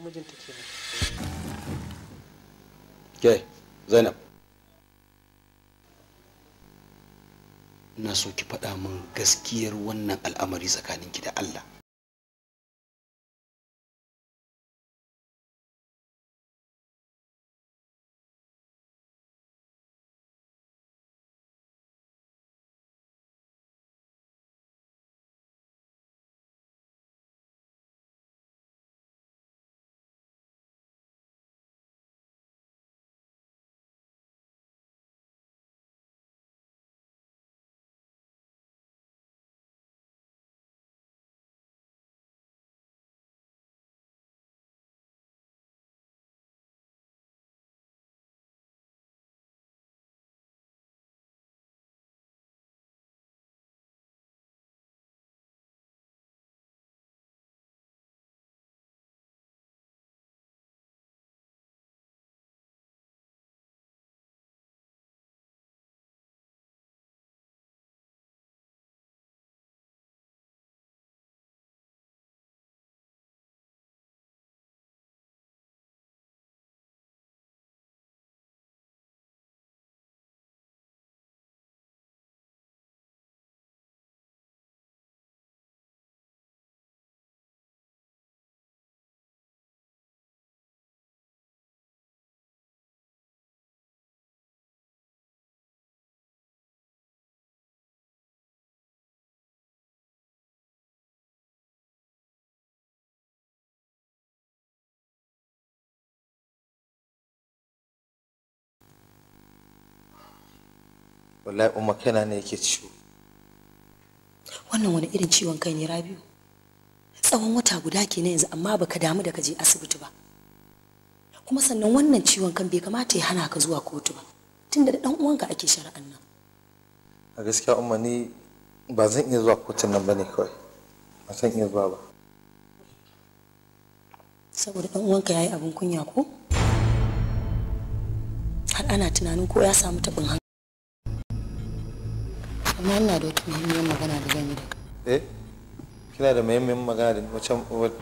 mijinta ke ke zainab na so ki faɗa min gaskiyar wannan al'amari tsakaninki da allah wallahi umma kaina ne yake ciwo wannan wani irin ciwon kai ne rabiu tsawon wata guda kenan yanzu amma baka damu da ka je asibiti ba kuma sannan wannan ciwon kan bai kamata ya hana ka zuwa kotu ba tunda da dan uwanka ake shari'an nan a gaskiya umma ni ba zan iya zuwa kotun nan bane kawai ba zan iya zuwa ba saboda dan uwanka yayi abin kunya ko har ana tunanin ko ya samu tabin hankali amma ina da wata muhimmiyar magana da zan da eh kina da muhimmiyar magana da wace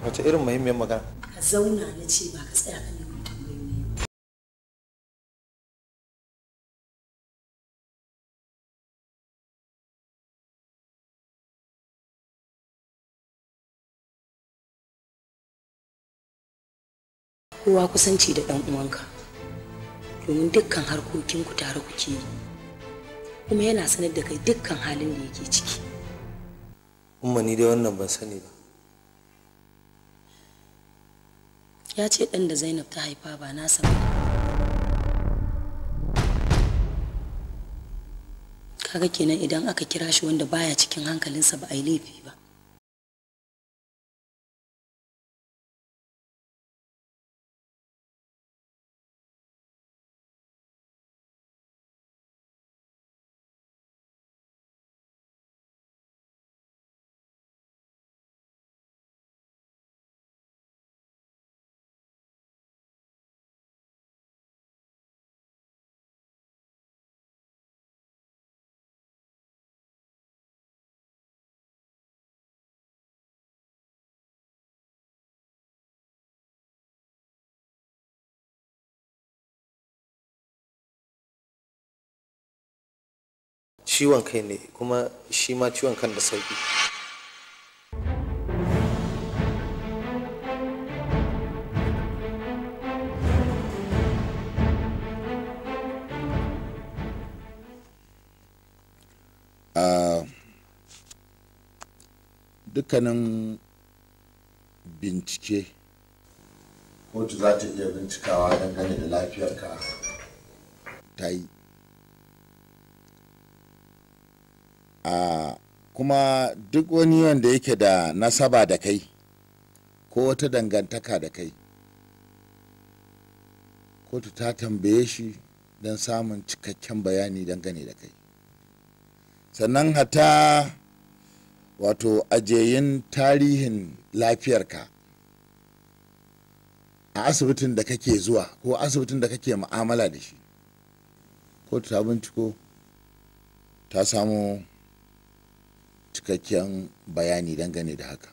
wace irin muhimmiyar magana ka zauna na ce ba ka tsaya ka nemi tambayoyi kowa kusanci da ɗan uwanka domin dukkan harkokinku tare kuke yi kuma yana sanar da kai dukkan halin da yake ciki umma ni dai wannan ban sani ba ya ce ɗan da zainab ta haifa ba nasa ba kaga kenan idan aka kira shi wanda baya cikin hankalinsa ba a yi laifi ba ciwon kai ne kuma shi ma ciwon kan da sauki ah, dukkanin bincike kotu za ta iya bincikawa dangane da lafiyarka ta yi a kuma duk wani wanda yake da nasaba da kai ko wata dangantaka da kai kotu ta tambaye shi don samun cikakken bayani dangane da kai sannan hata wato ajeyin tarihin lafiyarka a asibitin da kake zuwa ko asibitin da kake mu'amala da shi kotu ta binciko ta samu cikakken bayani dangane da haka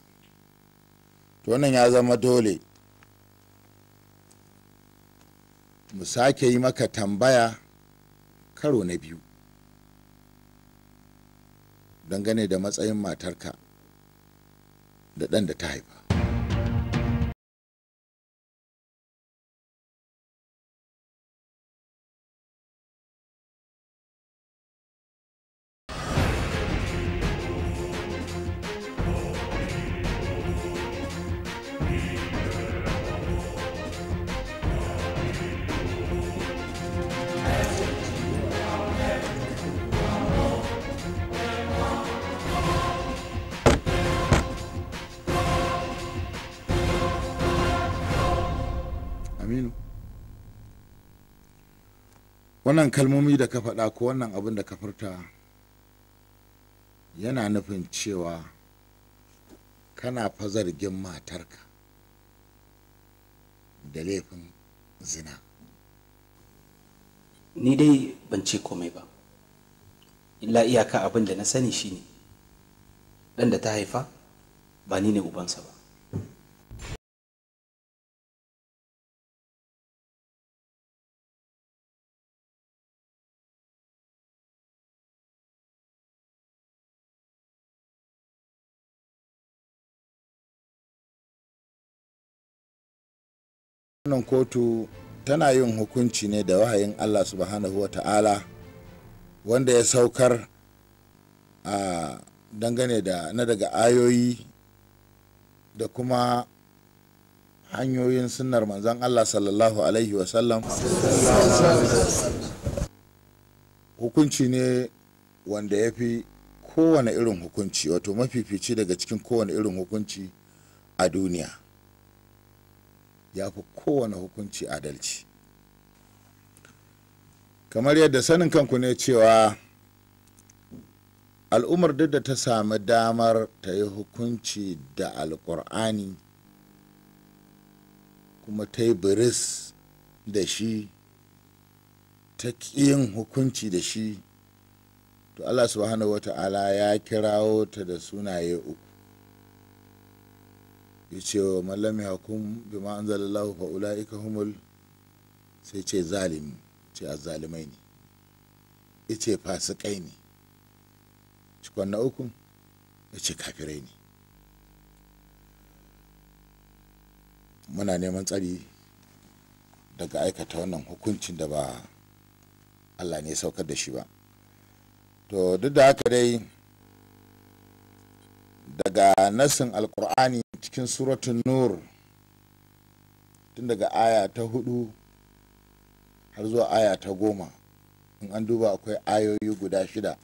to wannan ya zama dole mu sake yi maka tambaya karo na biyu dangane da matsayin matarka da ɗan da ta haifa wannan kalmomi da ka faɗa ko wannan abin da ka furta yana nufin cewa kana fa zargin matarka da laifin zina ni dai ban ce komai ba illa iyaka abin da na sani shine ɗan da ta haifa ba ni ne ubansa ba wannan kotu tana yin hukunci ne da wahayin allah subhanahu wa ta'ala wanda ya saukar a dangane da na daga ayoyi da kuma hanyoyin sunnar manzon allah sallallahu alaihi wasallam hukunci ne wanda ya fi kowane irin hukunci wato mafifici daga cikin kowane irin hukunci a duniya ya fi kowane hukunci adalci kamar yadda sanin kanku ne cewa al'ummar duk da ta sami damar ta yi hukunci da alkur'ani kuma ta yi biris da shi ta yin hukunci da shi to allah subhanahu wa ta'ala ya kirawo ta da sunaye uku ya ce wa mallami hakun hukum bi ma anzalallahu fa humul sai ce zalimi ce a zalimai ne ya ce fasikai ne cikon na uku ya ce kafirai ne muna neman tsari daga aikata wannan hukuncin da ba Allah ne saukar da shi ba to duk da haka dai daga nasin alkur'ani cikin suratun nur tun daga aya ta hudu har zuwa aya ta goma in an duba akwai ayoyi guda shida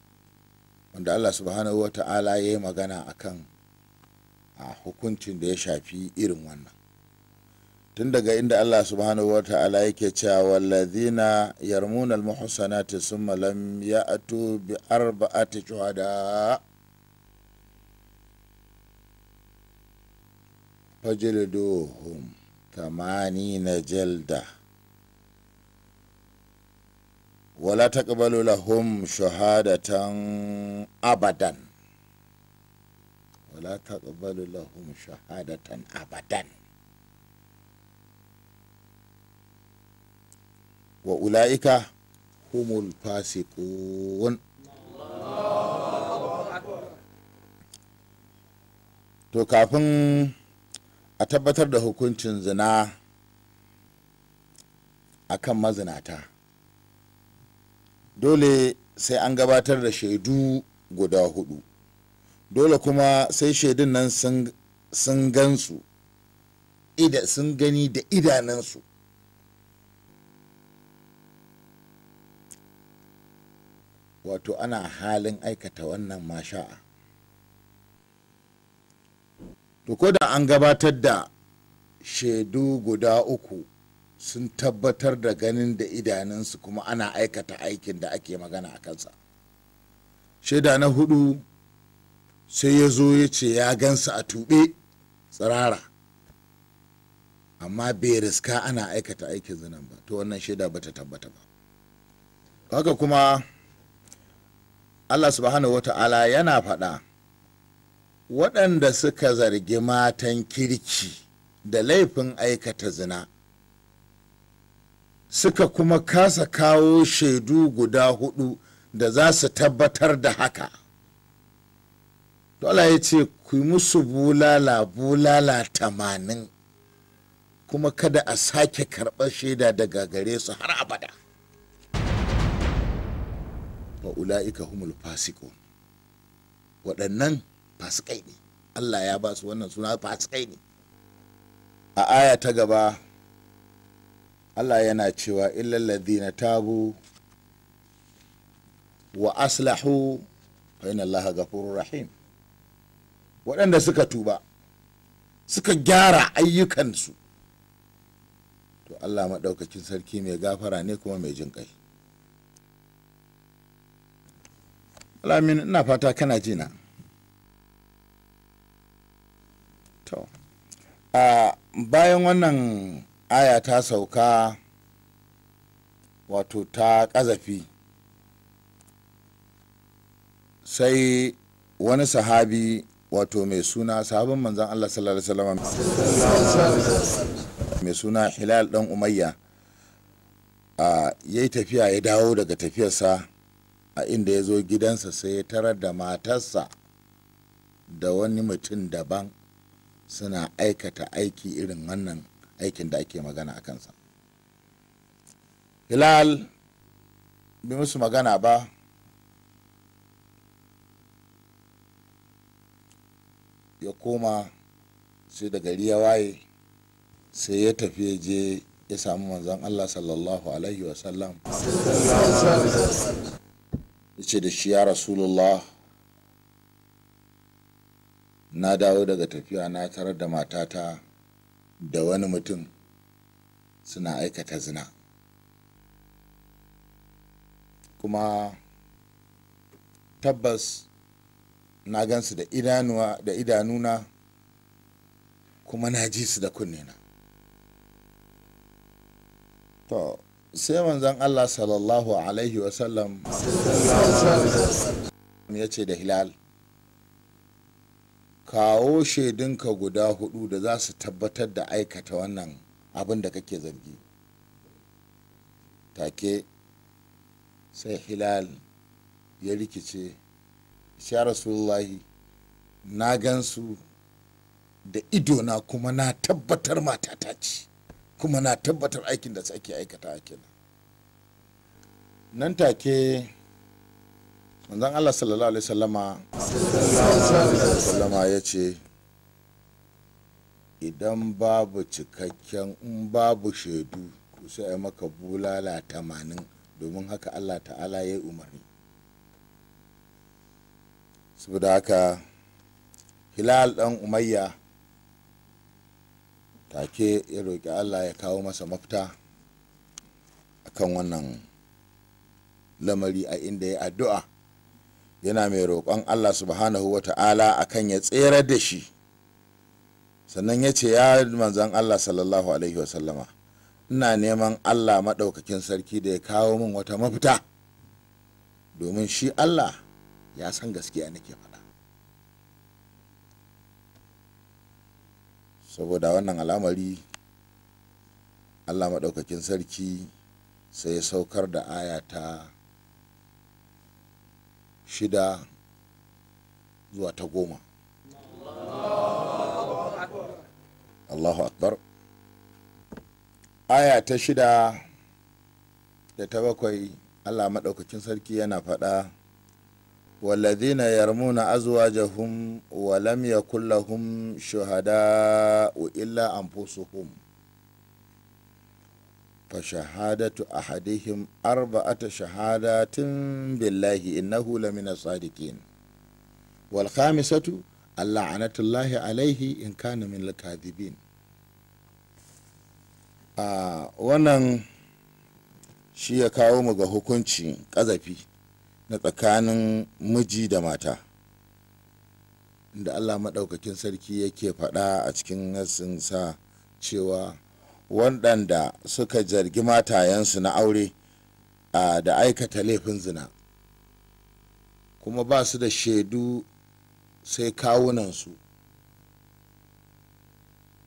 wanda allah subhanahu wa ta'ala ya yi magana a kan hukuncin da ya shafi irin wannan tun daga inda allah subhanahu wa ta'ala yake cewa wallazina yarmuna almuhsanati summa lam ya'tu bi arba'ati shuhada' Fajar tamani na jelda. Wala ta ka balu shahadatan abadan? Wala ta ka balu shahadatan abadan? Wa ula'ika humul pasifun? To kafin. a tabbatar da hukuncin zina a kan mazinata dole sai an gabatar da shaidu guda hudu dole kuma sai shaidun nan sun gansu sun gani da idanansu wato ana halin aikata wannan masha'a to ko da an gabatar da shaidu guda uku sun tabbatar da ganin da idanunsu kuma ana aikata aikin da ake magana a kansa shaida na hudu sai ya zo ya ce ya gansa a tube tsirara amma bai riska ana aikata aikin zinan ba to wannan shaida ba ta tabbata ba haka kuma allah subhanahu ta'ala yana faɗa waɗanda suka zargi matan kirki da laifin aikata zina suka kuma kasa kawo shaidu guda hudu da za su tabbatar da haka dole ya ce ku yi musu bulala bulala tamanin kuma kada a sake karɓar shaida daga gare su har abada wa ula'ika humul fasiko waɗannan fasikai ne Allah ya ba su wannan suna fasikai ne a aya ta gaba Allah yana cewa na tabu wa aslahu fa inna Allah ghafurur rahim waɗanda suka tuba suka gyara ayyukansu to Allah maɗaukakin sarki mai gafara ne kuma mai jin kai alamin ina fata kana jina a bayan wannan aya ta sauka wato ta ƙazafi sai wani sahabi wato mai suna sahabin manzan Allah sallallahu alaihi wasallam mai suna Hilal dan Umayya a yi tafiya ya dawo daga tafiyarsa a inda ya zo gidansa sai ya tarar da matarsa da wani mutum daban suna aikata aiki irin wannan aikin da ake magana a kansa hilal bi musu magana ba ya koma sai da gari ya waye sai ya tafi ya je ya samu manzon Allah sallallahu alaihi wasallam ya ce da shi ya rasulullah na dawo daga tafiya na tarar da matata da wani mutum suna aikata zina kuma tabbas na gansu da da idanuna kuma na ji su da kunnena to sai manzon allah sallallahu alaihi wasallam ya ce da hilal kawo shaidunka guda hudu da za su tabbatar da aikata wannan abin da kake zargi take sai hilal ya rikice sha rasulullahi na gansu da idona kuma na tabbatar matata ce kuma na tabbatar aikin da su ake aikata kenan nan take manzon Allah sallallahu alaihi sallama sallama ya ce idan babu cikakken in babu shaidu ku sai maka bulala tamanin domin haka Allah ta'ala ya yi umarni saboda haka hilal dan umayya take ya roƙi allah ya kawo masa mafita akan wannan lamari a inda ya addu'a yana mai roƙon allah subhanahu wa ta'ala akan ya tsere da shi sannan ya ce ya manzan allah sallallahu alaihi wasallama ina neman allah maɗaukakin sarki da ya kawo min wata mafita domin shi allah ya san gaskiya nake faɗa saboda wannan al'amari allah maɗaukakin sarki sai ya saukar da aya shida zuwa ta goma allahu akbar aya ta shida da ta bakwai allah maɗaukakin sarki yana faɗa والذين يرمون أزواجهم ولم يكن لهم شهداء إلا أنفسهم fa shahadatu ahadihim arba'ata shahadatin billahi innahu lamina sadiqin wal khamisatu Allah anatullahi alaihi in kana min lakadibin a wannan shi ya kawo mu ga hukunci ƙazafi na tsakanin miji da mata da Allah maɗaukakin sarki yake faɗa a cikin nasinsa cewa waɗanda suka zargi matayensu na aure da aikata laifin zina kuma ba su da shaidu sai kawunansu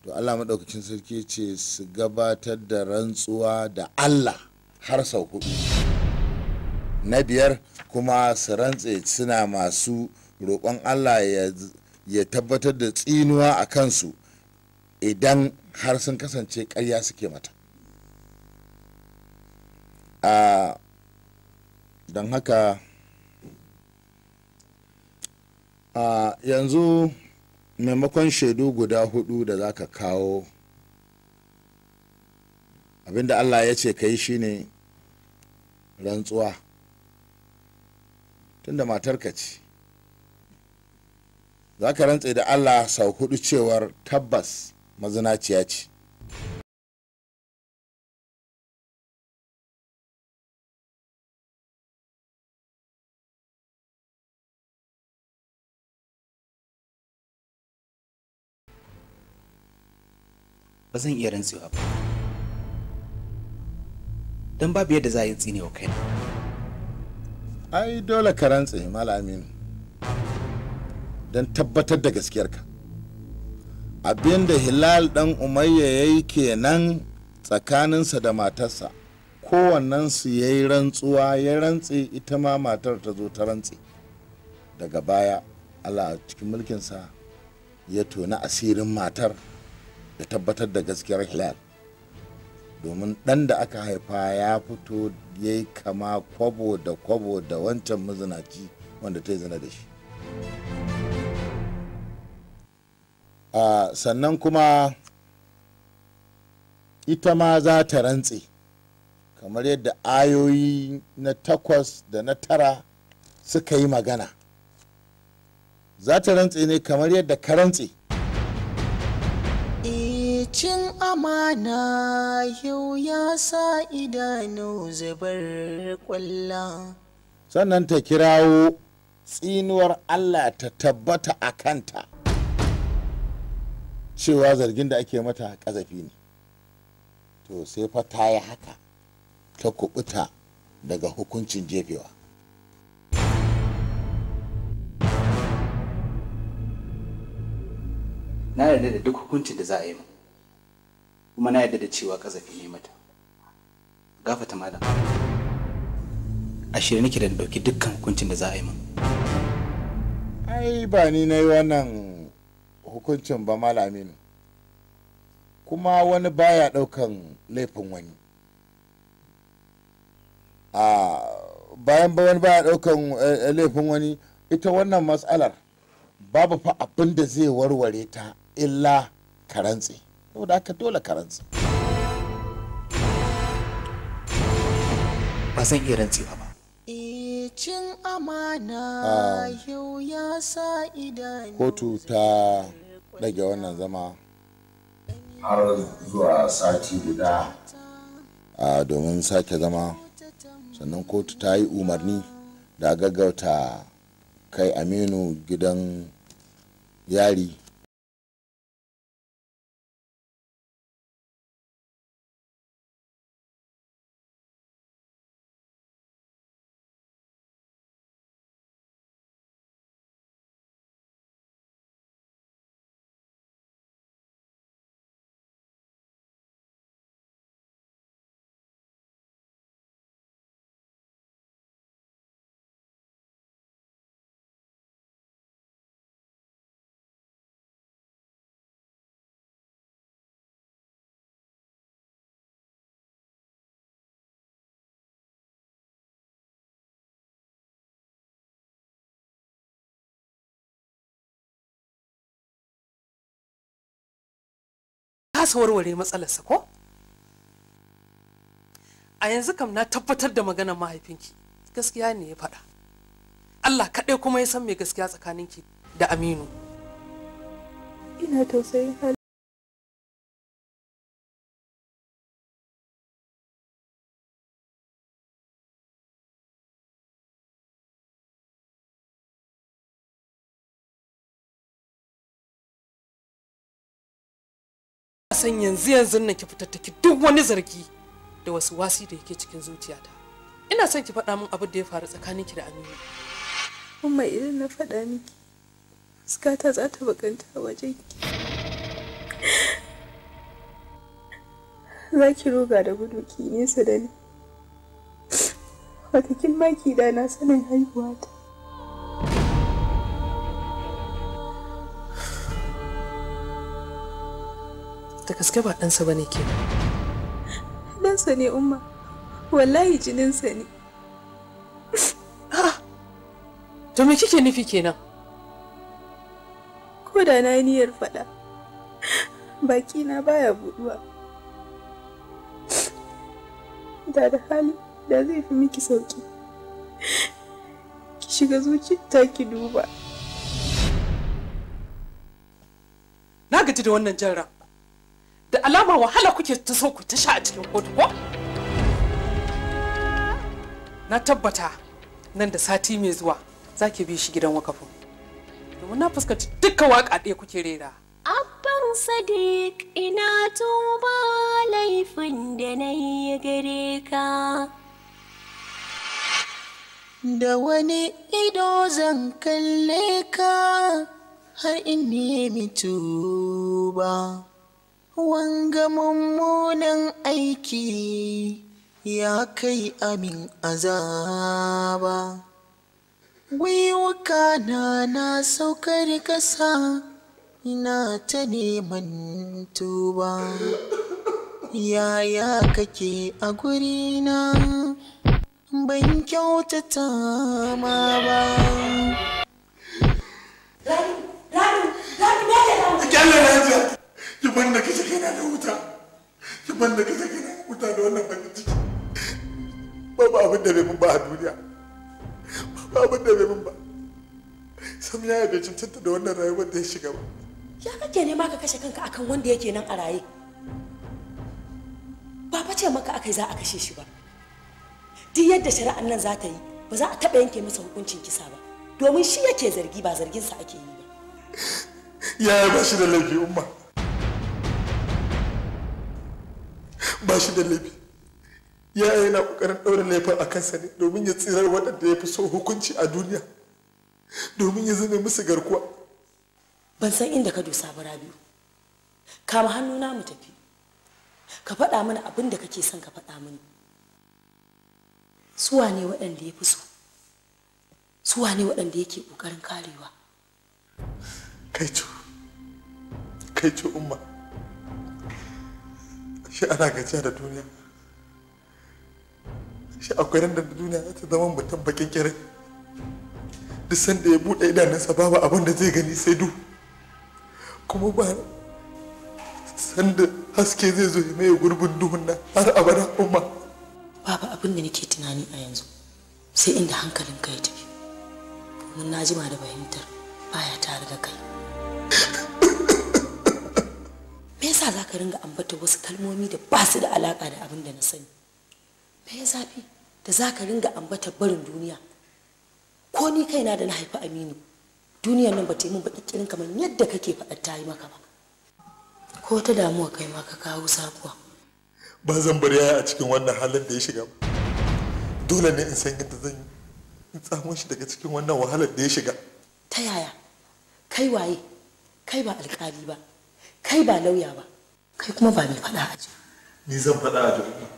to allah maɗaukacin sarki ce su gabatar da rantsuwa da allah har sau hudu na biyar kuma su rantse suna masu roƙon allah ya tabbatar da tsinuwa a kansu idan har sun kasance karya suke mata a don haka a yanzu maimakon shaidu guda hudu da za ka kawo abinda allah ya ce ka yi shi ne rantsuwa tunda matarka ce za ka rantse da allah sau hudu cewar tabbas mazinaciya ce ba zan iya rantsewa ba don babu yadda za a yi tsinewa kaina ai dole ka rantse malamin don tabbatar da gaskiyarka abinda hilal dan umayya ya yi kenan tsakaninsa da matarsa kowannensu ya yi rantsuwa ya rantse ita ma matar ta zo ta rantse daga baya allah cikin mulkinsa ya tona asirin matar da tabbatar da gaskiyar hilal domin ɗan da aka haifa ya fito ya yi kama kwabo da kwabo da wancan mazinaci wanda ta yi zina da shi uh, sannan kuma ita ma za ta rantse kamar yadda ayoyi na takwas da na tara suka yi magana za ta rantse ne kamar yadda ka rantse e, cin amana yau ya sa idanu zubar kwalla sannan ta kirawo tsinuwar allah ta tabbata a kanta cewa zargin da ake mata kazafi ne to sai fa ta yi haka ta kubuta daga hukuncin jefewa na yarda da duk hukuncin da za a yi mu kuma na yarda da cewa kazafi ne mata gafata malam a shirye nake da dauki dukkan hukuncin da za a yi mu ai ba ni na yi wannan hukuncin ba ne kuma wani baya daukan laifin wani a bayan wani baya daukan eh, laifin wani ita wannan matsalar babu fa abin da zai warware ta illa karantse saboda aka dole karantse ba zan iya rantsewa ba e, cin amana ah. yau ya sa idanu kotu ta ɗage wannan zama har zuwa sati guda a domin sake zama sannan kotu ta yi umarni da gaggauta kai aminu gidan yari kasa warware matsalarsa ko a yanzu kam na tabbatar da maganar mahaifinki gaskiya ne ya faɗa Allah kaɗai kuma ya san mai gaskiya tsakaninki da Aminu ina tausayin san yanzu yanzu nan ki fitar take duk wani zargi da wasu wasi da yake cikin zuciyata ina son ki faɗa min abin da ya faru tsakaninki da aminu umma idan na faɗa miki fuskata za ta bakanta wajen ki za ki roga da gudu ki nesa da ni kin maki da na sanin haihuwa ta. da gaske ba ɗansa ba ne ke ɗansa ne umma wallahi jininsa ne ah! to me kike nufi kenan ko da na niyyar faɗa baki na baya buɗuwa da da hali da zai fi miki sauki ki shiga ta ki duba na gaji da wannan jarra alama wahala kuke ta so ku tasha a cikin kotu ko? Na tabbata nan da sati mai zuwa za ki bi shi gidan wakafin. Domin na fuskanci dukkan waka ɗaya kuke rera. Abban Sadiq ina tuba laifin da na yi gare ka. Da wani ido zan kalle ka har in nemi tuba. wanga mummunan aiki ya kai amin azaba gwiwuka na na saukar ƙasa ina ta neman tuba yaya kake a gurina ban kyautata ma ba ban da kashe kaina da wuta ki ban da kashe kaina da wuta da wannan bakin ciki babu abin da bai mun ba a duniya babu abin da bai mun ba sam ya bai cancanta da wannan rayuwar da ya shiga ba ya kake nema ka kashe kanka akan wanda yake nan a raye ba fa ce maka akai za a kashe shi ba duk yadda shari'an nan za ta yi ba za a taɓa yanke masa hukuncin kisa ba domin shi yake zargi ba zarginsa ake yi ba yaya ba shi da laifi umma ba shi da laifi ya yi na ƙoƙarin ɗaura laifin a kansa ne domin ya tsirar waɗanda ya fi so hukunci a duniya domin ya zame musu garkuwa ban san inda ka dosa ba rabiu hannu na mu tafi ka faɗa mana abin da kake son ka faɗa mini suwa ne waɗanda ya fi so suwa ne waɗanda yake ƙoƙarin karewa kai co kai co umma shi ana gajiya da duniya shi akwai ran da duniya za ta zama mutum bakin kirai duk sanda ya buɗe idanunsa babu abin da zai gani sai du kuma ba sanda haske zai zo ya maye gurbin duhun nan har abada umma babu abin da nake tunani a yanzu sai inda ka ya tafi domin na jima da fahimtar baya tare da kai me yasa za ka ringa ambata wasu kalmomi da ba su da alaka da abin da na sani me ya zafi da za ka ringa ambata barin duniya ko ni kaina da na haifi aminu duniyar nan ba ta yi min baƙaƙirin kamar yadda kake faɗa ta yi maka ba ko ta damuwa kai ma ka kawo sakuwa. ba zan bar yaya a cikin wannan halin da ya shiga ba dole ne in san yadda zan in tsamo shi daga cikin wannan wahalar da ya shiga ta yaya kai waye kai ba alƙali ba kai ba lauya ba kai kuma ba mai faɗa a ni zan faɗa a jirgin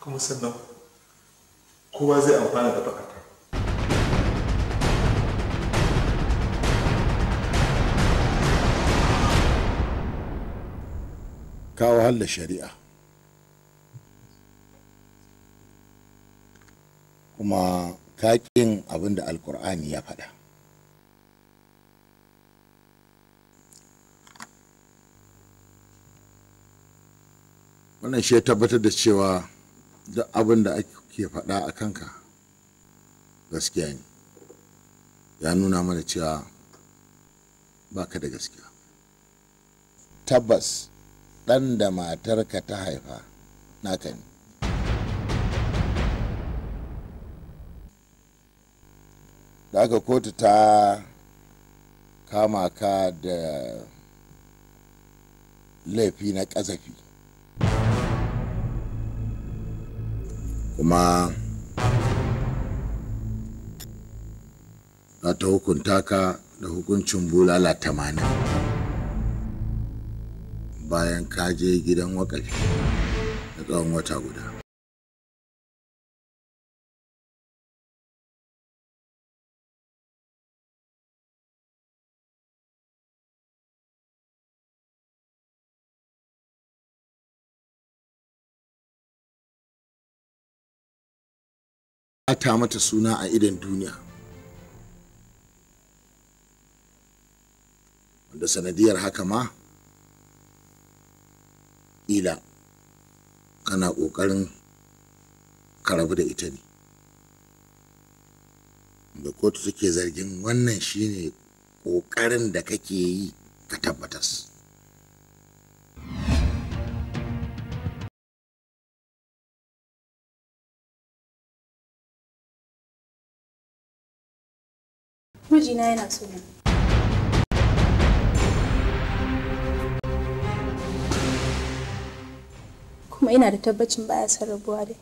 kuma sannan kowa zai amfana da baka kawo hallar shari'a kuma kaƙin abin da alkur'ani ya faɗa wannan shi ya tabbatar da cewa duk abin da ake faɗa a kanka gaskiya ne ya nuna mana cewa ba ka da gaskiya tabbas ɗan da matarka ta haifa naka ne da aka kotu ta kama ka da laifi na ƙazafi kuma za ta hukunta ka da hukuncin bulala tamanin bayan ka je gidan wakali da tsawon wata guda ata mata suna a idan duniya wanda sanadiyar haka ma ila kana ƙoƙarin ka da ita ne da kotu suke zargin wannan shine ƙoƙarin da kake yi ka tabbatas Mijina yana so na. Kuma ina da tabbacin baya son rabuwa dai.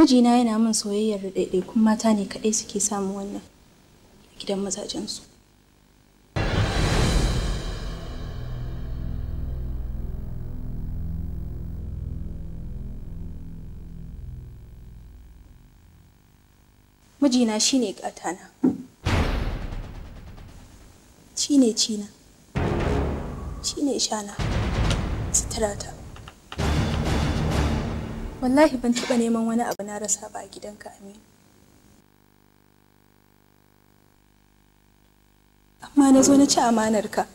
mijina yana min soyayyar kuma mata ne kaɗai suke samun wannan a gidan mazajensu mijina shine ƙatana shine cina shine shana suturata wallahi ban taɓa neman wani abu na rasa ba a gidanka aminu amma na zo na ci amanar ka.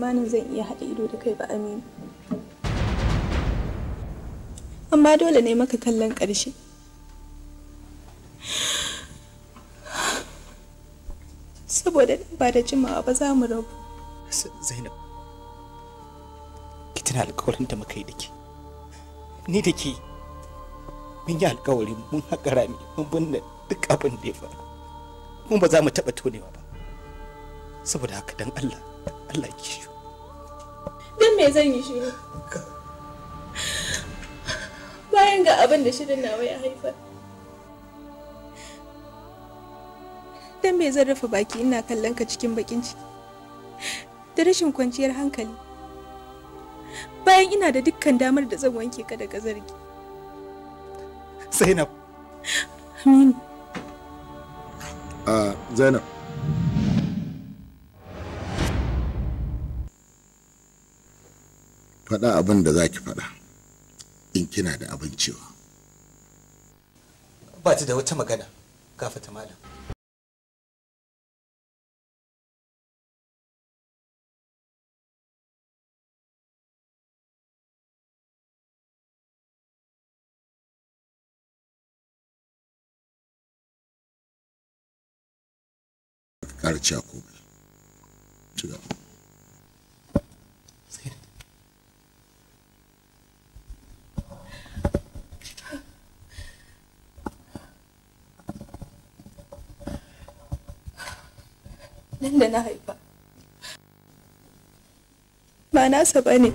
tsammanin zan iya haɗa ido da kai ba aminu amma dole ne maka kallon ƙarshe saboda ba da jimawa ba za mu rabu zainab ki tana alkawarin da muka yi da ke ni da ke mun yi alkawari mun haƙa rami mun binne duk abin da ya faru mun ba za mu taɓa tonewa ba saboda haka dan allah allah ki Don me zan yi shiru? Bayan ga abin da shirin nawa ya haifar. Don me zan rufe baki ina kallon ka cikin bakin ciki. Da rashin kwanciyar hankali. Bayan ina da dukkan damar da zan wanke ka daga zargi. Zainab. Aminu. ah Zainab. faɗa abin da za ki faɗa in kina da abin cewa ba ta da wata magana gafata malam ƙarci a nan da na haifa ba nasa ba ne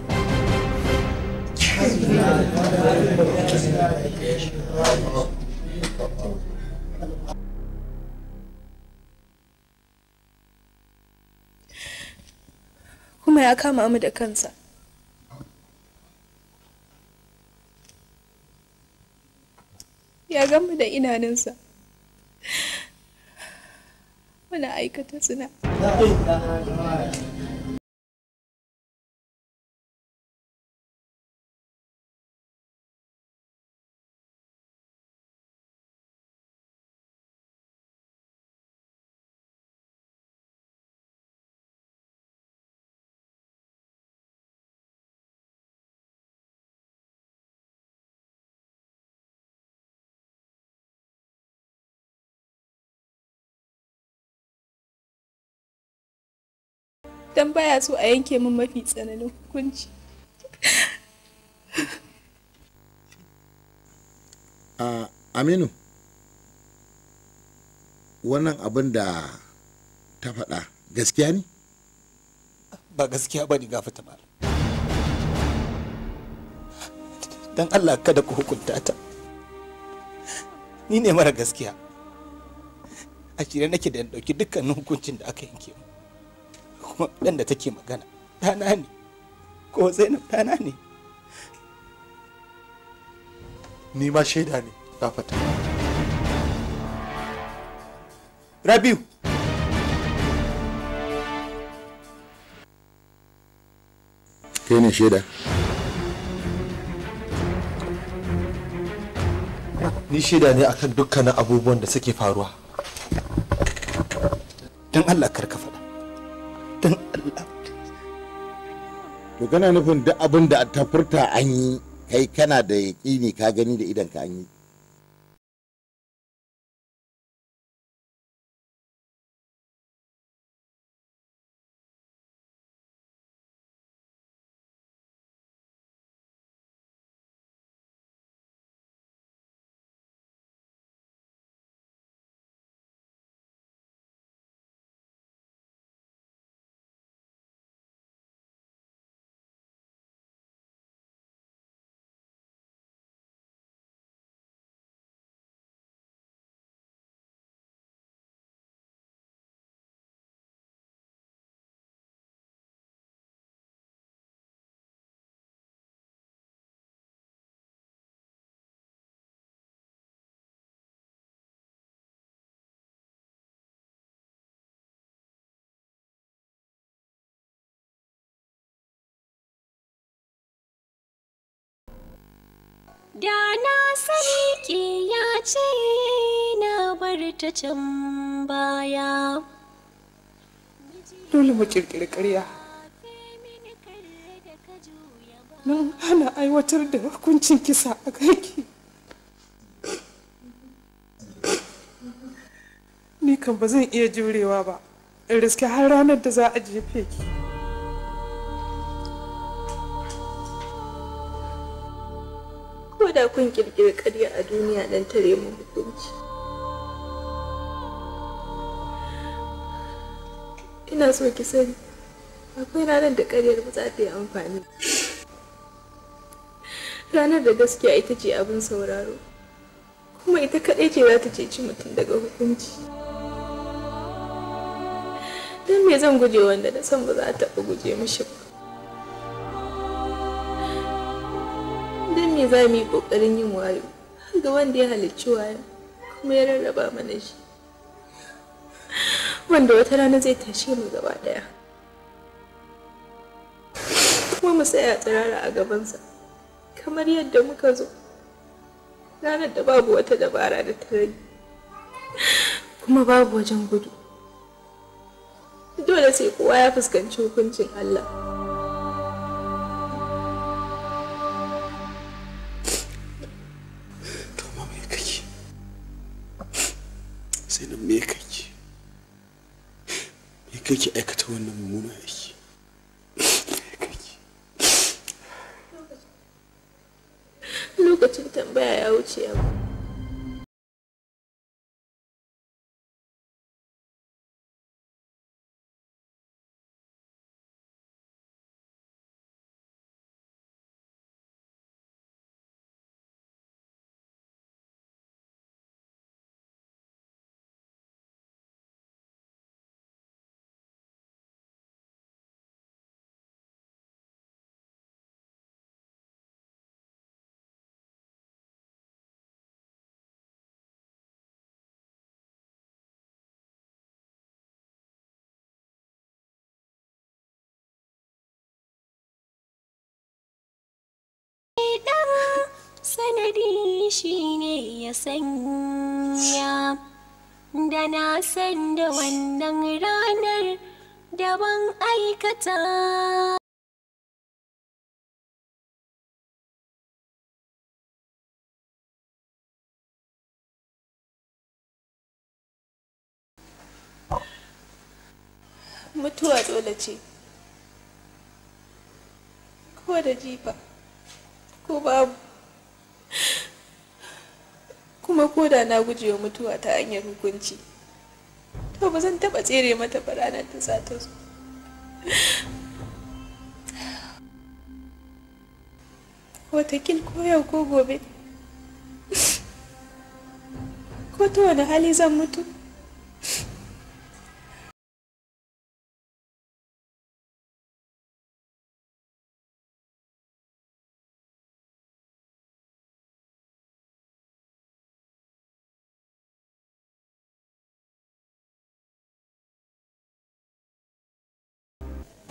kuma ya kama mu da kansa ya gamu da inaninsa muna aikata suna. don baya so a yanke min mafi tsananin hukunci aminu wannan abin da ta faɗa gaskiya ne ba gaskiya ba ne gafata ba don allah kada ku hukunta ta ni ne mara gaskiya a shirye nake da ɗauki dukkanin hukuncin da aka yanke mu kuma ɗan da take magana ɗana ne ko zainab ɗana ne ni ma shaida ne fata. rabiu kai ne shaida ni shaida ne akan dukkanin abubuwan da suke faruwa don allah karka faɗa to kana nufin duk abin da ta furta an yi kai kana da yaƙini ka gani da idan ka an yi da na sani ya ce na bar ta can baya dole mu kirkiri ƙarya nan hana aiwatar da hukuncin kisa a kanki ni kan ba zan iya jurewa ba in riske har ranar da za a jefe ki da kun kirkiri ƙarya a duniya don tare mu hukunci ina so ki sani akwai ranar da ƙaryar ba za ta yi amfani ranar da gaskiya ita ce abin sauraro kuma ita kaɗai ce za ta ceci mutum daga hukunci don me zan guje wanda na san ba za ta guje mishi ba ne za mu yi ƙoƙarin yin wayo ga wanda ya halicci wayo kuma ya rarraba mana shi wanda wata rana zai tashe mu gaba ɗaya kuma mu tsaya tsirara a gabansa kamar yadda muka zo ranar da babu wata dabara da ta rage kuma babu wajen gudu dole sai kowa ya fuskanci hukuncin Allah. me kake me kake aikata wannan mummunan aiki lokacin tambaya ya wuce abu sanadi ne ya sanya da na san da wannan ranar da ban aikata mutuwa dole ce ko da jifa ko babu kuma koda na guje wa mutuwa ta hanyar hukunci to ba zan taɓa tsere mata ba ranar da za ta zo watakil ko yau ko gobe ko ta wani hali zan mutu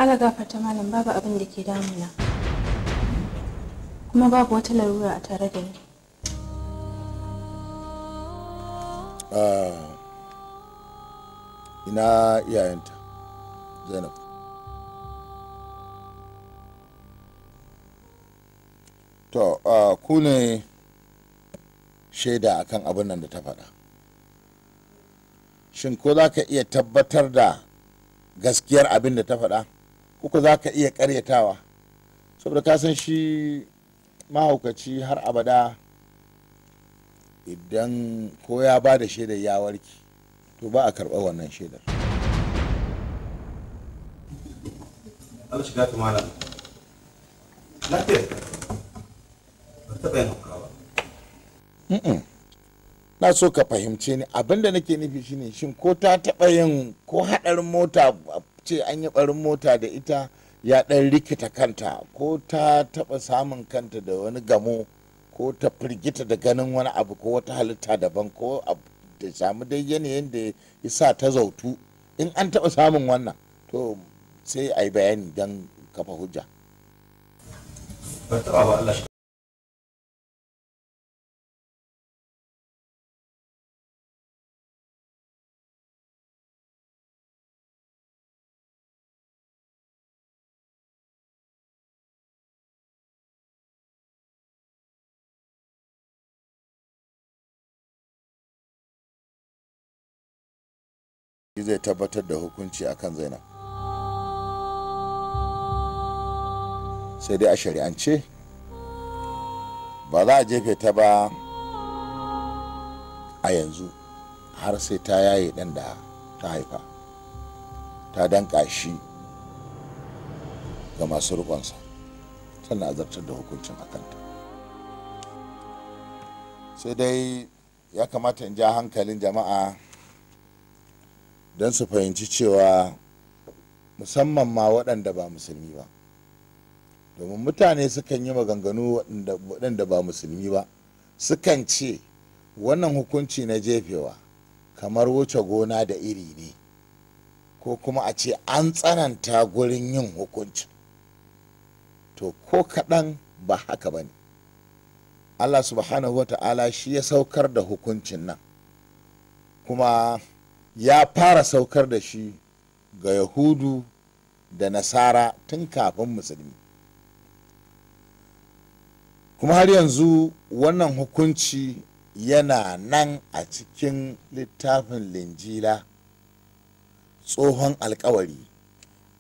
ala gafarta malam babu abin da ke damuna kuma babu wata larura a tare da ni ah, ina iyayenta zainab to ah, ku ne shaida akan abin nan da ta faɗa shin ko za ka iya tabbatar da gaskiyar abin da ta faɗa uku za ka iya karyatawa saboda ka san shi mahaukaci har abada idan ko ya ba da shaidar ya warki to ba a karɓar wannan shaidar na so ka fahimce ni abinda nake nufi shine shin ko ta taɓa yin ko haɗarin mota ce an yi barin mota da ita ya ɗan rikita kanta ko ta taɓa samun kanta da wani gamo ko ta firgita da ganin wani abu ko wata halitta daban ko da samu dai yanayin da ya sa ta zautu in an taɓa samun wannan to sai a yi bayani don kafa hujja. zai tabbatar da hukunci akan zainab sai dai a shari'ance ba za a jefe ta ba a yanzu har sai ta yaye ɗan da ta haifa ta danƙa shi ga masu rikonsa sannan zartar da hukuncin akanta sai dai ya kamata in ja hankalin jama'a don su fahimci cewa musamman ma waɗanda ba musulmi ba domin mutane sukan yi maganganu waɗanda ba musulmi ba sukan ce wannan hukunci na jefewa kamar wuce gona da iri ne ko kuma a ce an tsananta gurin yin hukuncin to ko kaɗan ba haka ba ne allah subhanahu wa ta'ala shi ya saukar da hukuncin nan kuma ya fara saukar da shi ga yahudu da nasara tun kafin musulmi kuma har yanzu wannan hukunci yana nan a cikin littafin linjila tsohon alkawari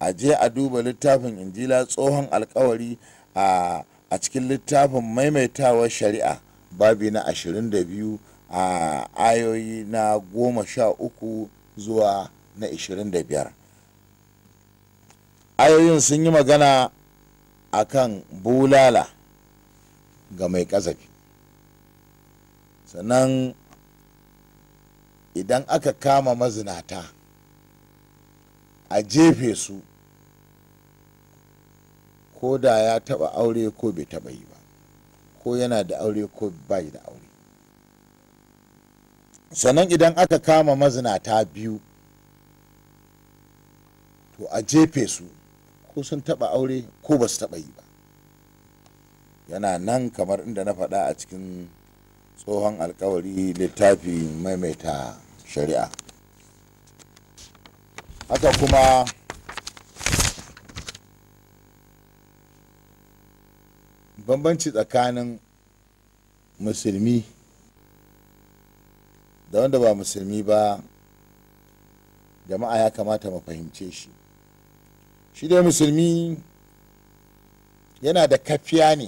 a je a duba littafin injila tsohon alkawari a cikin littafin maimaitawar shari'a babi na 22 a ayoyi na goma sha uku zuwa na ishirin da biyar ayoyin sun yi magana a kan bulala ga mai ƙazafi sannan idan aka kama mazinata a jefe su ko da ya taba aure ko bai taba yi ba ko yana da aure ko bai da aure sannan idan aka kama mazinata biyu to a jefe su ko sun taba aure ko ba su taba yi ba yana nan kamar inda na faɗa a cikin tsohon alkawari littafi maimaita shari'a haka kuma bambanci tsakanin musulmi da wanda ba musulmi ba jama'a ya kamata mu fahimce shi shi dai musulmi yana da kafiya ne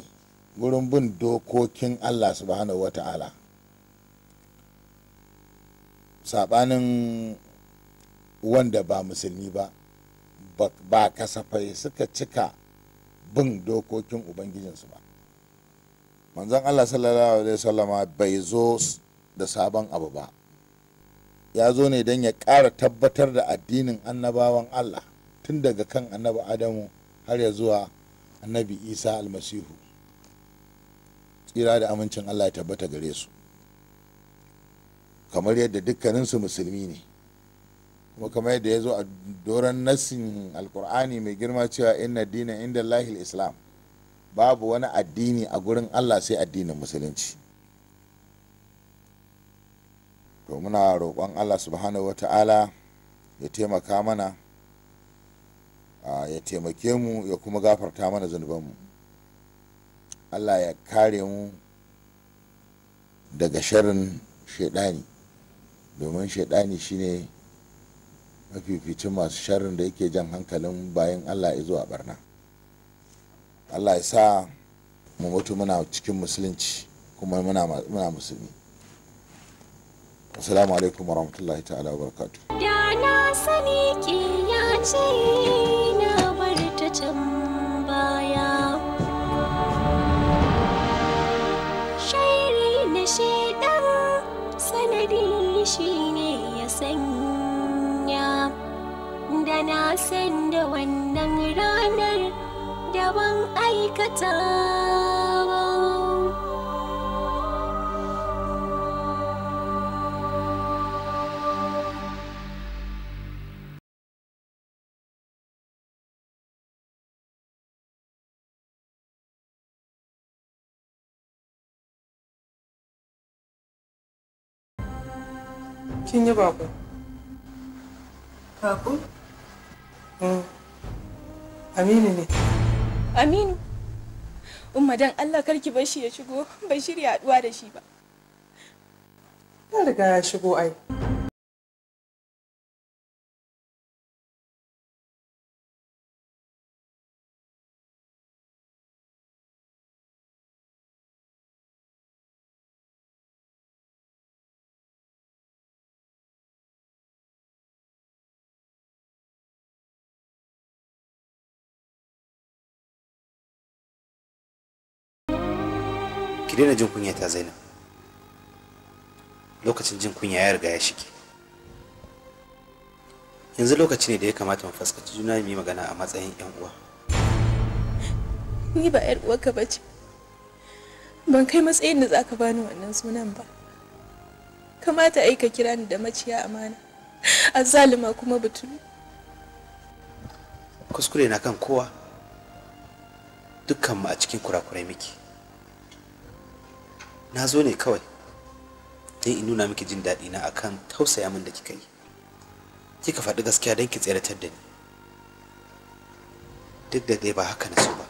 wurin bin dokokin allah subhanahu wa ta'ala saɓanin wanda ba musulmi ba ba kasafai suka cika bin dokokin ubangijinsu ba manzon allah sallallahu alaihi wasallama bai zo da sabon abu ba ya zo ne don ya kara tabbatar da addinin annabawan allah tun daga kan annabi adamu har ya zuwa annabi isa almasihu tsira da amincin allah ya tabbata gare su kamar yadda dukkaninsu musulmi ne kuma kamar yadda ya zo a doron nassin alkur'ani mai girma cewa inna dina inda lahil islam babu wani addini a gurin allah sai addinin musulunci to muna roƙon allah subhanahu wata'ala ya taimaka mana ya taimake mu ya kuma gafarta mana zunuban mu allah ya kare mu daga sharin shaidani domin shaidani shine mafificin masu sharin da yake jan hankalin bayan allah ya zuwa barna allah ya sa mu mutu muna cikin musulunci kuma muna musulmi assalamu alaikum warahmatullahi ta'ala wa barakatu da na sani ya ce na bar ta can baya shairi na shaidan sanadi ne ya sanya da na san da wannan ranar da ban aikata Kin yi bako. Bako? Eh. Aminu ne. Aminu? Umma dan Allah karki bar shi ya shigo ban shirya haɗuwa da shi ba. Ya riga ya shigo ai. ki daina jin kunya ta zainab lokacin jin kunya ya riga ya shige yanzu lokaci ne da ya kamata mu faskaci juna mu yi magana a matsayin yan uwa ni ba yar uwarka ba ce ban kai matsayin da zaka bani wannan sunan ba kamata ai ka kira ni da maciya amana azzalima kuma butulu kuskure na kan kowa dukkan a cikin kurakurai muke na zo ne kawai don in nuna miki jin daɗi na akan tausaya min da kika yi kika faɗi gaskiya don ki tseratar da ni duk da dai ba haka na so ba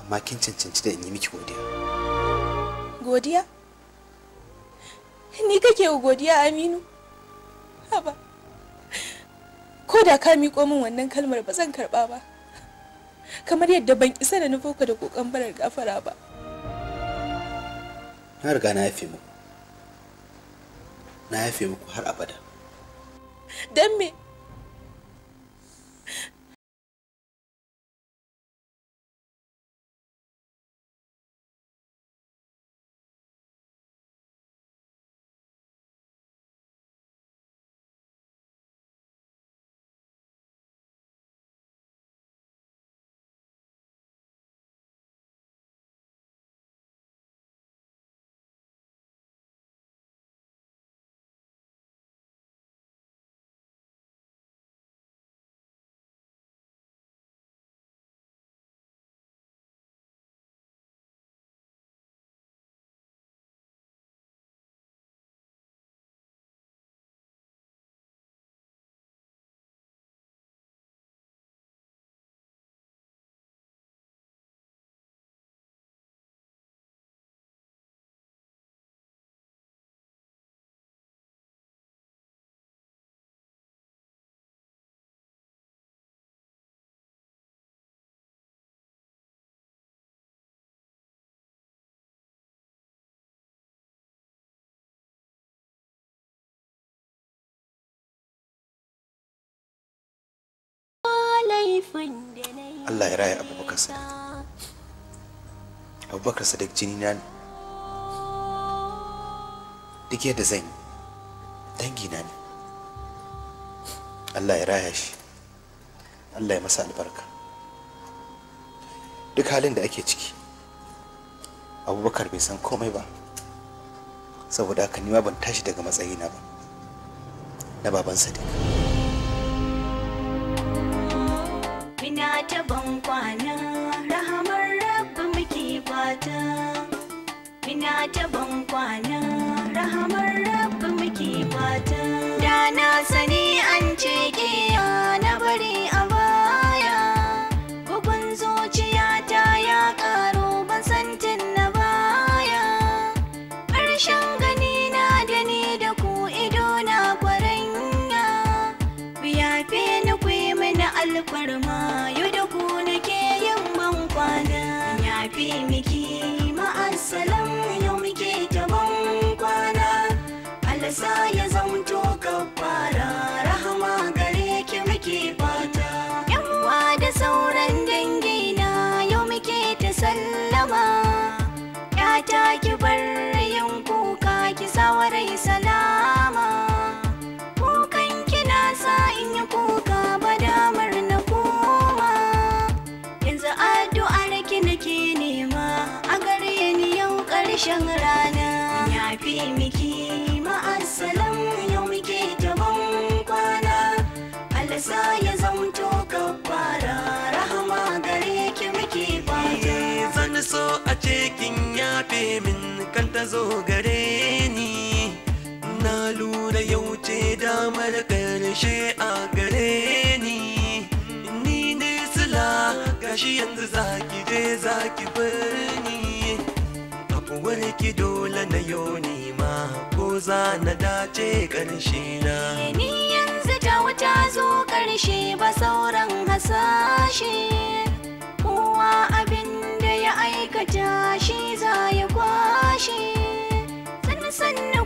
amma kin cancanci da in yi miki godiya godiya ni kake godiya aminu haba ko da ka miƙo min wannan kalmar ba zan karɓa ba kamar yadda ban isa da nufo ka da ƙoƙon barar gafara ba na riga na yafe muku na yafe muku har abada don me Allah ya raya abubakar sadiq abubakar sadiq jini na ne duk yadda zan yi dangi na ne Allah ya raya shi Allah ya masa albarka duk halin da ake ciki abubakar bai san komai ba saboda haka nima ban tashi daga matsayina ba na baban sadiq ta ban kwana rahamar rabba muke fata ina ta kwana rahamar rabba muke fata da na sani an ce na bari ta ki bar yin kuka ki sawarai salama kukan kina sa in yi kuka ba damar na koma yanzu addu'ar ki nake nema a gare ni yau ƙarshen ƙarshe a gare ni ni ne sila gashi yanzu zaki je zaki birni abuwar ki dole na yau ni ma ko za na dace ƙarshe na eh, ni yanzu ta wuta zo ƙarshe ba sauran hasashe kowa abin da ya aikata shi za ya kwashe sannu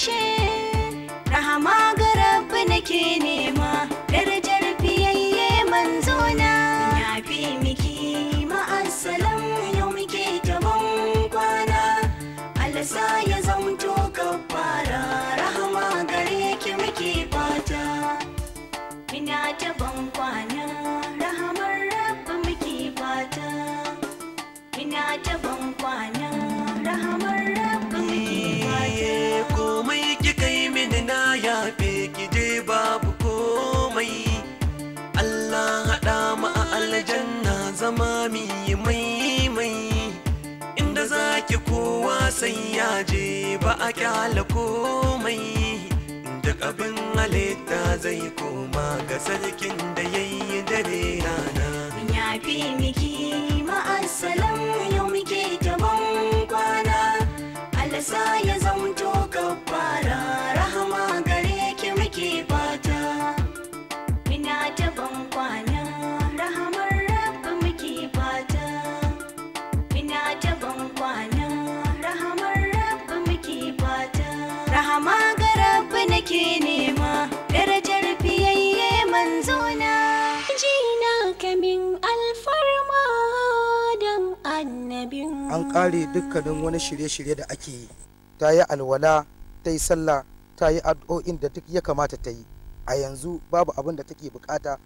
Shit! sai ya je ba a kyala komai duk abin halitta zai koma ga sarkin da ya yi dare rana ya fi miki ma'asalam yau muke taban kwana alasa ya zamto kafara rahama gare ki muke kare dukkanin wani shirye-shirye da ake yi ta yi alwala ta yi sallah ta yi addu'o'in da duk ya kamata ta yi a yanzu babu abin da take bukata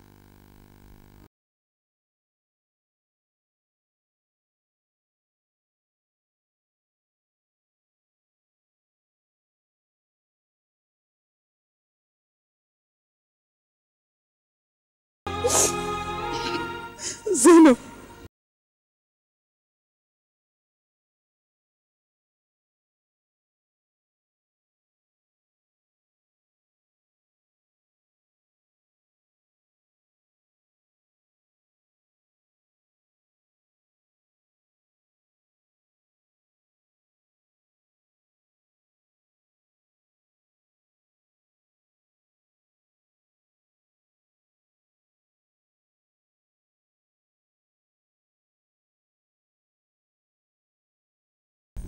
Zainab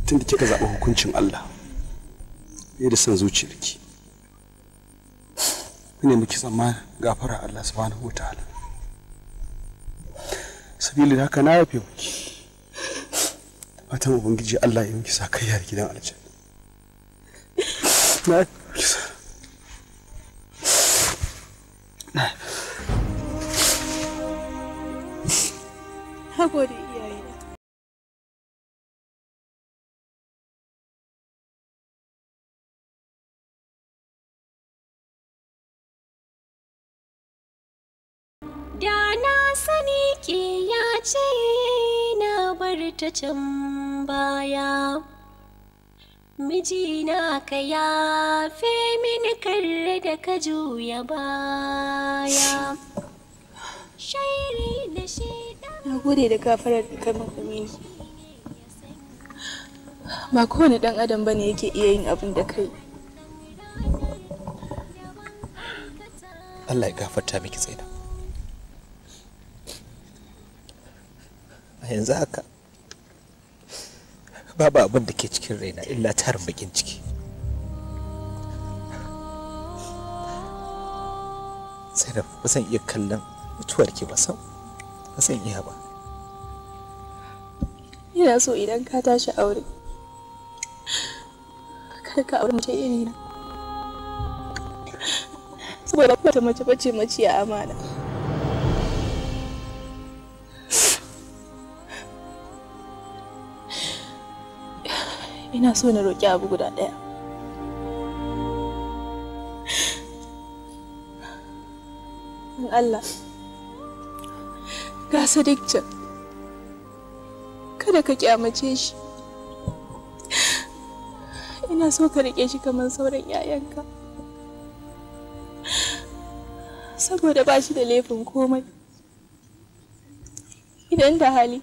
tunda kika zaɓi hukuncin Allah ya da son zuciyarki ne muke tsammanin gafara Allah subhanahu wataala sabili da haka na yafe miki fatan ubangiji Allah ya miki yar gidan aljanna na yafe ya ce na bar ta can baya mijina ka yafe mini karre da ka juya baya shairi da shi na gode da kafarar da kai makamini ba kowane dan adam bane yake iya yin abin da kai Allah ya gafarta miki tsaye yanzu haka babu abin da ke cikin raina illa tarin bakin ciki sai da ba zan iya kallon mutuwar ki ba san ba zan iya ba ina so idan ka tashi aure kar ka aure mace irina na saboda ta mace bace mace a amana ina so na roƙi abu guda ɗaya in Allah ga Sadiq can kada ka kyamace shi ina so ka riƙe shi kamar sauran 'ya'yanka saboda ba shi da laifin komai idan da hali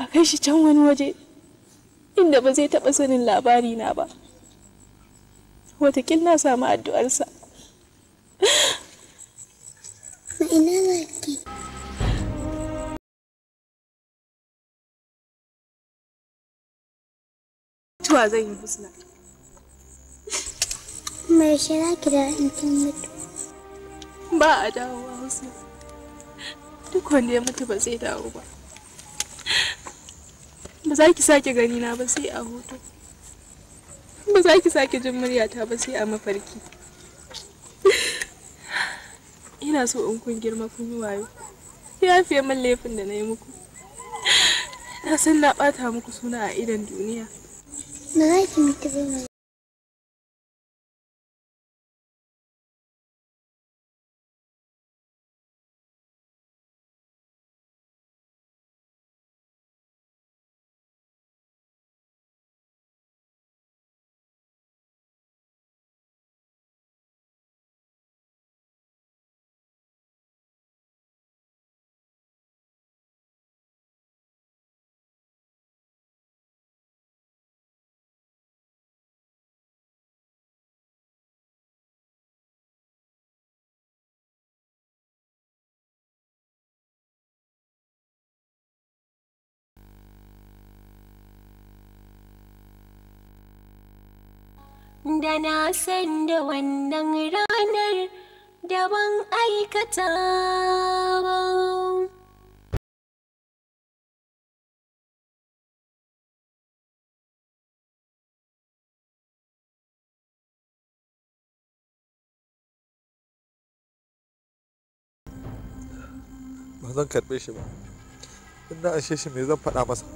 a kai shi can wani waje inda ba zai taɓa sanin labari na ba watakil na samu addu'arsa ina zaki mutuwa zan yi husna mai shira ki da kin mutu ba a dawowa husna duk wanda ya mutu ba zai dawo ba ba za ki sake gani ba sai a hoto ba za ki sake jin muryata ba sai a mafarki ina so in kun girma kun yi wayo ya fiye min laifin da na yi muku na san na bata muku suna a idan duniya ba za ki mutu ba da na san da wannan ranar da ban aikata ba. Ba zan karɓe shi ba, in na ashe shi me zan faɗa masa.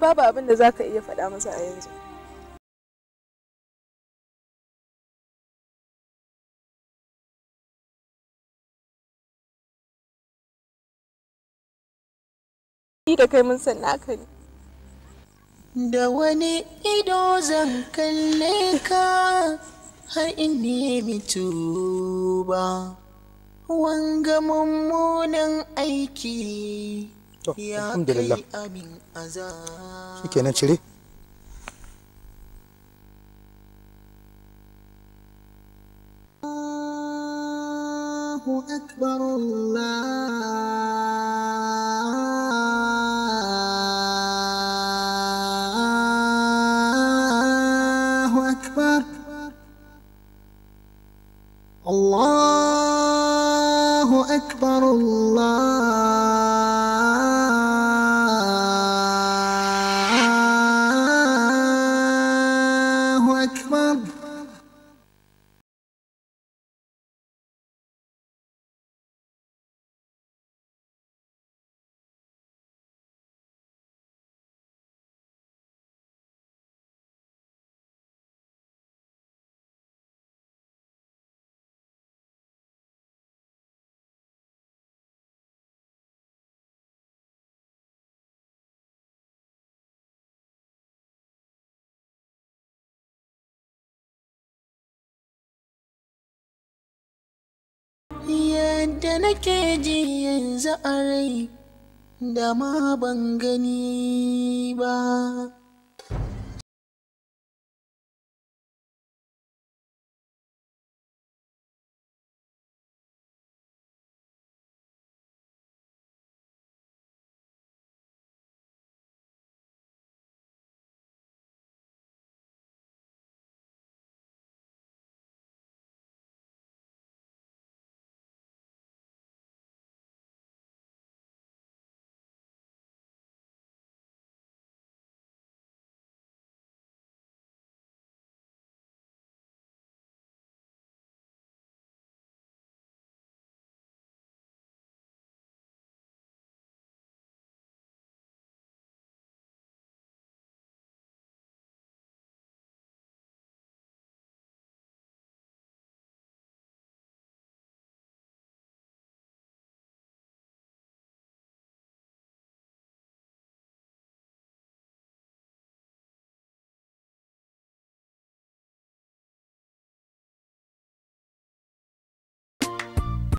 Babu abin da za ka iya faɗa masa a yanzu. da kai mun san naka ne da wani ido zan kalle ka har in nemi tuba wanga mummunan aiki ya kai abin ke nan cire الله أكبر Allah. الله أكبر الله yadda nake ji yanzu a rai da ma ban gani ba